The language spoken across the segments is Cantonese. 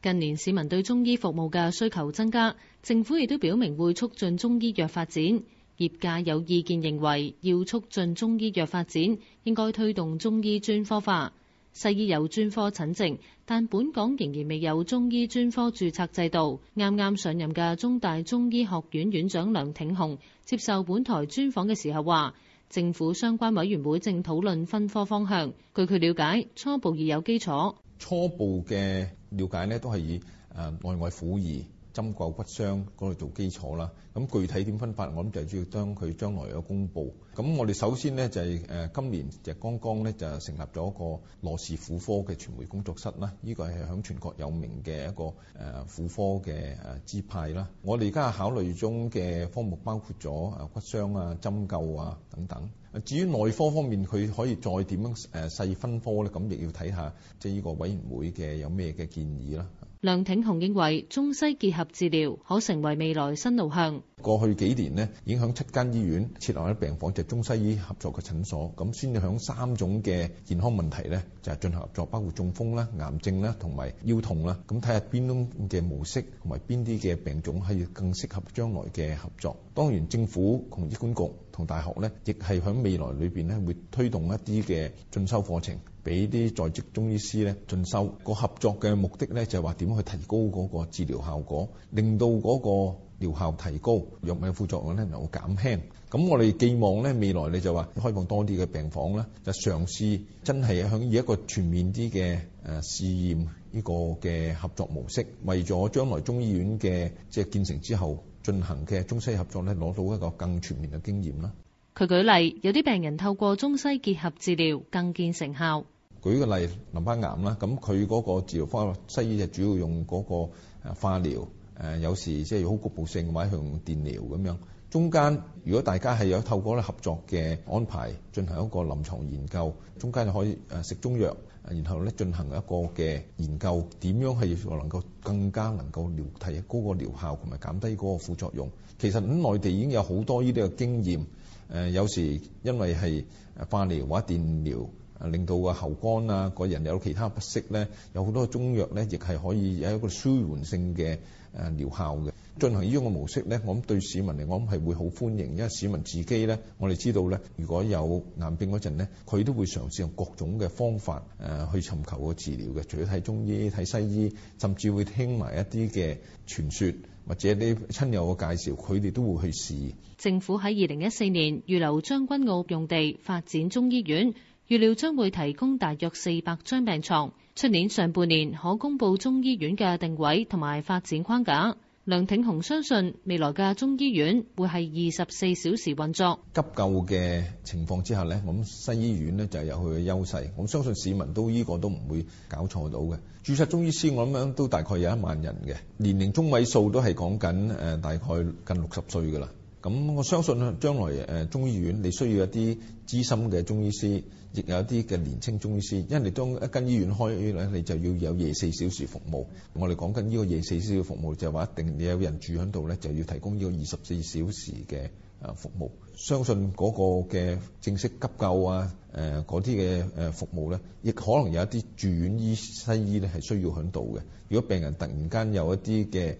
近年市民對中醫服務嘅需求增加，政府亦都表明會促進中醫藥發展。業界有意見認為，要促進中醫藥發展，應該推動中醫專科化。西醫有專科診症，但本港仍然未有中醫專科註冊制度。啱啱上任嘅中大中醫學院院長梁挺雄接受本台專訪嘅時候話，政府相關委員會正討論分科方向，據佢了解，初步已有基礎。初步嘅了解呢，都係以呃內外婦兒針灸骨傷嗰度做基礎啦，咁具體點分法，我諗就係主要將佢將來有公佈。咁我哋首先咧就係、是、今年就剛剛咧就成立咗一個羅氏婦科嘅傳媒工作室啦，呢、這個係響全國有名嘅一個誒婦科嘅支派啦。我哋而家考慮中嘅科目包括咗誒骨傷啊、針灸啊等等。至於內科方面，佢可以再點樣細分科咧？咁亦要睇下即係呢個委員會嘅有咩嘅建議啦。.梁挺雄認為，中西結合治療可成為未來新路向。過去幾年呢，影響七間醫院設立啲病房，就係、中西醫合作嘅診所，咁先至響三種嘅健康問題呢，就係進行合作，包括中風啦、癌症啦、同埋腰痛啦。咁睇下邊種嘅模式同埋邊啲嘅病種係更適合將來嘅合作。當然，政府同醫管局同大學呢，亦係響未來裏邊呢，會推動一啲嘅進修課程，俾啲在職中醫師呢，進修。個合作嘅目的呢，就係話點樣去提高嗰個治療效果，令到、那、嗰個。療效提高，藥物副作用咧能夠減輕。咁我哋寄望咧未來你就話開放多啲嘅病房咧，就嘗試真係向一個全面啲嘅誒試驗呢個嘅合作模式，為咗將來中醫院嘅即係建成之後進行嘅中西合作咧，攞到一個更全面嘅經驗啦。佢舉例有啲病人透過中西結合治療更見成效。舉個例，淋巴癌啦，咁佢嗰個治療方西醫就主要用嗰個誒化療。誒有時即係好局部性，或者用電療咁樣。中間如果大家係有透過咧合作嘅安排進行一個臨床研究，中間就可以誒食中藥，然後咧進行一個嘅研究，點樣係能夠更加能夠療提高個療效同埋減低嗰個副作用。其實喺內地已經有好多呢啲嘅經驗。誒有時因為係誒化療或者電療，啊，令到個喉乾啊，個人有其他不適咧，有好多中藥咧，亦係可以有一個舒緩性嘅誒療效嘅。進行呢種嘅模式咧，我諗對市民嚟講，我諗係會好歡迎，因為市民自己咧，我哋知道咧，如果有癌病嗰陣咧，佢都會嘗試用各種嘅方法誒去尋求個治療嘅，除咗睇中醫、睇西醫，甚至會聽埋一啲嘅傳說或者啲親友嘅介紹，佢哋都會去試。政府喺二零一四年預留將軍澳用地發展中醫院。預料將會提供大約四百張病床。出年上半年可公布中醫院嘅定位同埋發展框架。梁挺雄相信未來嘅中醫院會係二十四小時運作。急救嘅情況之下呢，咁西醫院呢就有佢嘅優勢。我相信市民都呢個都唔會搞錯到嘅。註冊中醫師我諗都大概有一萬人嘅，年齡中位數都係講緊誒大概近六十歲噶啦。咁我相信咧，將來中醫院你需要一啲資深嘅中醫師，亦有一啲嘅年輕中醫師，因為你當一間醫院開咧，你就要有夜四小時服務。我哋講緊呢個夜四小時服務，就係話一定你有人住喺度咧，就要提供呢個二十四小時嘅服務。相信嗰個嘅正式急救啊，嗰啲嘅服務咧，亦可能有一啲住院醫西醫咧係需要喺度嘅。如果病人突然間有一啲嘅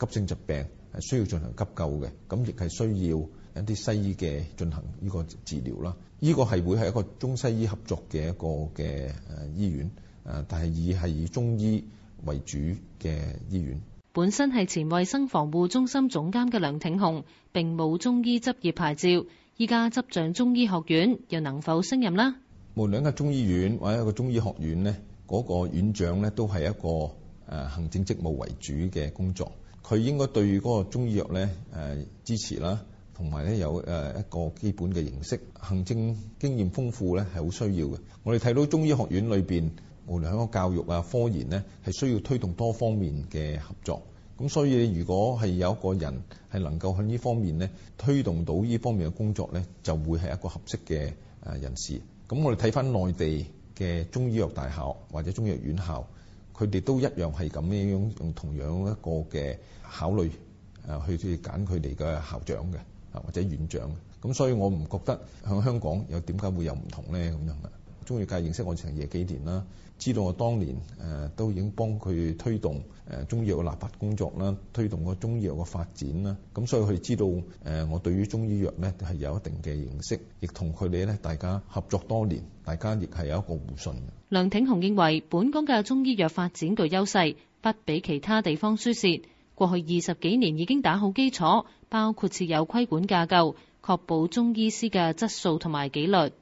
急性疾病，係需要進行急救嘅，咁亦係需要一啲西醫嘅進行呢個治療啦。呢個係會係一個中西醫合作嘅一個嘅誒醫院，誒但係以係以中醫為主嘅醫院。本身係前衛生防護中心總監嘅梁挺雄並冇中醫執業牌照，依家執掌中醫學院，又能否升任啦？無論係中醫院或者一個中醫學院，呢嗰個院長呢都係一個誒行政職務為主嘅工作。佢應該對嗰個中醫藥咧，誒支持啦，同埋咧有誒一個基本嘅認識，行政經驗豐富咧係好需要嘅。我哋睇到中醫學院裏邊，無論喺個教育啊、科研咧，係需要推動多方面嘅合作。咁所以如果係有一個人係能夠喺呢方面咧推動到呢方面嘅工作咧，就會係一個合適嘅誒人士。咁我哋睇返內地嘅中醫藥大校或者中醫藥院校。佢哋都一樣，是這樣，係咁樣用同樣一個嘅考慮，誒，去去揀佢哋嘅校長嘅啊或者院長。咁所以我唔覺得響香港又點解會有唔同咧咁樣。中醫界認識我成幾年啦，知道我當年誒都已經幫佢推動誒中醫藥嘅立法工作啦，推動個中醫藥嘅發展啦，咁所以佢知道誒我對於中醫藥呢係有一定嘅認識，亦同佢哋呢大家合作多年，大家亦係有一個互信嘅。梁挺雄認為本港嘅中醫藥發展具優勢，不比其他地方輸蝕。過去二十幾年已經打好基礎，包括設有規管架構，確保中醫師嘅質素同埋紀律。